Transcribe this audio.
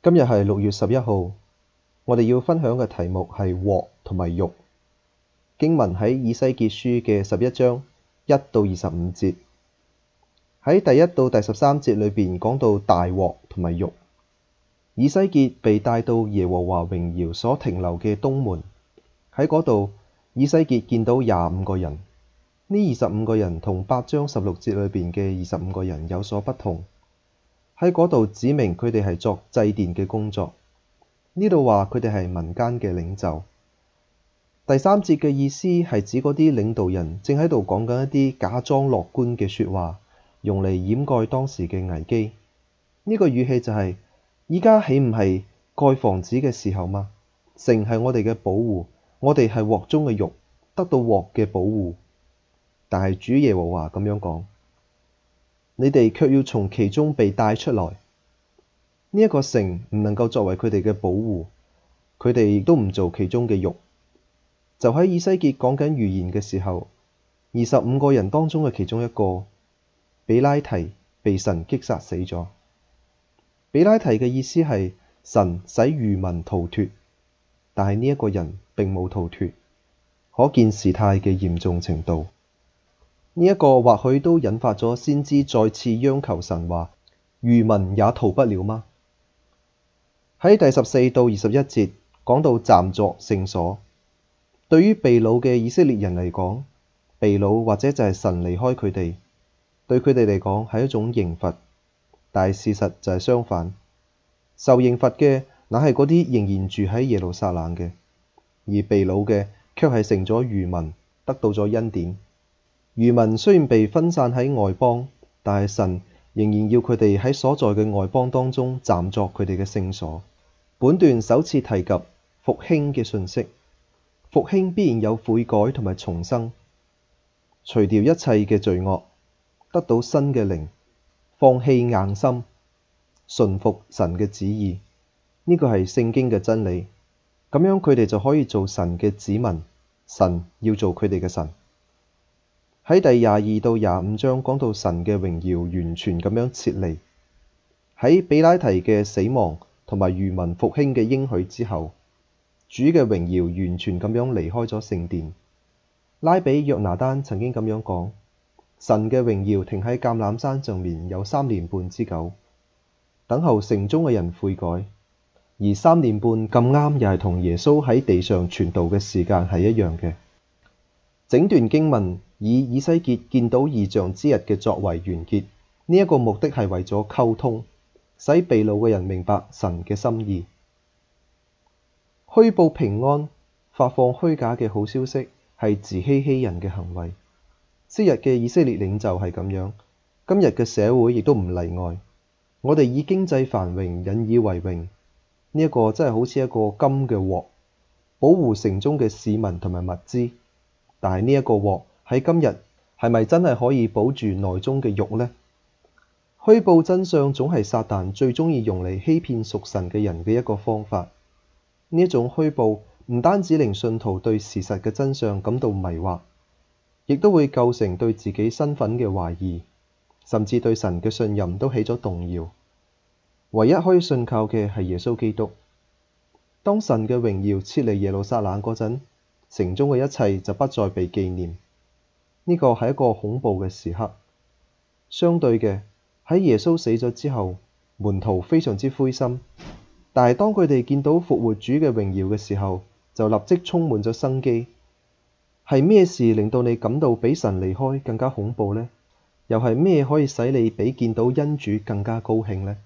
今日係六月十一號，我哋要分享嘅題目係鑊同埋肉。經文喺以西結書嘅十一章一到二十五節，喺第一到第十三節裏邊講到大鑊同埋肉。以西結被帶到耶和華榮耀所停留嘅東門，喺嗰度，以西結見到廿五個人。呢二十五個人同八章十六節裏邊嘅二十五個人有所不同。喺嗰度指明佢哋係作祭奠嘅工作。呢度話佢哋係民間嘅領袖。第三節嘅意思係指嗰啲領導人正喺度講緊一啲假裝樂觀嘅說話，用嚟掩蓋當時嘅危機。呢個語氣就係：依家豈唔係蓋房子嘅時候嗎？城係我哋嘅保護，我哋係鑊中嘅肉，得到鑊嘅保護。但係主耶和華咁樣講。你哋卻要從其中被帶出來，呢一個城唔能夠作為佢哋嘅保護，佢哋亦都唔做其中嘅肉。就喺以西結講緊預言嘅時候，二十五個人當中嘅其中一個，比拉提被神擊殺死咗。比拉提嘅意思係神使餘民逃脫，但係呢一個人並冇逃脫，可見事態嘅嚴重程度。呢一個或許都引發咗先知再次央求神話，餘民也逃不了嗎？喺第十四到二十一節講到暫作聖所。對於被擄嘅以色列人嚟講，被擄或者就係神離開佢哋，對佢哋嚟講係一種刑罰。但事實就係相反，受刑罰嘅乃係嗰啲仍然住喺耶路撒冷嘅，而被擄嘅卻係成咗餘民，得到咗恩典。餘民雖然被分散喺外邦，但係神仍然要佢哋喺所在嘅外邦當中暫作佢哋嘅聖所。本段首次提及復興嘅信息，復興必然有悔改同埋重生，除掉一切嘅罪惡，得到新嘅靈，放棄硬心，順服神嘅旨意。呢、呢個係聖經嘅真理，咁樣佢哋就可以做神嘅子民，神要做佢哋嘅神。喺第廿二到廿五章講到神嘅榮耀完全咁樣撤離，喺比拉提嘅死亡同埋漁民復興嘅應許之後，主嘅榮耀完全咁樣離開咗聖殿。拉比約拿丹曾經咁樣講：神嘅榮耀停喺橄欖山上面有三年半之久，等候城中嘅人悔改。而三年半咁啱，又係同耶穌喺地上傳道嘅時間係一樣嘅。整段經文以以西結見到異象之日嘅作為完結。呢、這、一個目的係為咗溝通，使被擄嘅人明白神嘅心意。虛報平安、發放虛假嘅好消息係自欺欺人嘅行為。昔日嘅以色列領袖係咁樣，今日嘅社會亦都唔例外。我哋以經濟繁榮引以為榮，呢、這、一個真係好似一個金嘅鑊，保護城中嘅市民同埋物資。但係呢一個鍋喺今日係咪真係可以保住內中嘅肉呢？虛報真相總係撒旦最中意用嚟欺騙屬神嘅人嘅一個方法。呢一種虛報唔單止令信徒對事實嘅真相感到迷惑，亦都會構成對自己身份嘅懷疑，甚至對神嘅信任都起咗動搖。唯一可以信靠嘅係耶穌基督。當神嘅榮耀撤離耶路撒冷嗰陣。城中嘅一切就不再被紀念，呢個係一個恐怖嘅時刻。相對嘅，喺耶穌死咗之後，門徒非常之灰心，但係當佢哋見到復活主嘅榮耀嘅時候，就立即充滿咗生機。係咩事令到你感到比神離開更加恐怖呢？又係咩可以使你比見到恩主更加高興呢？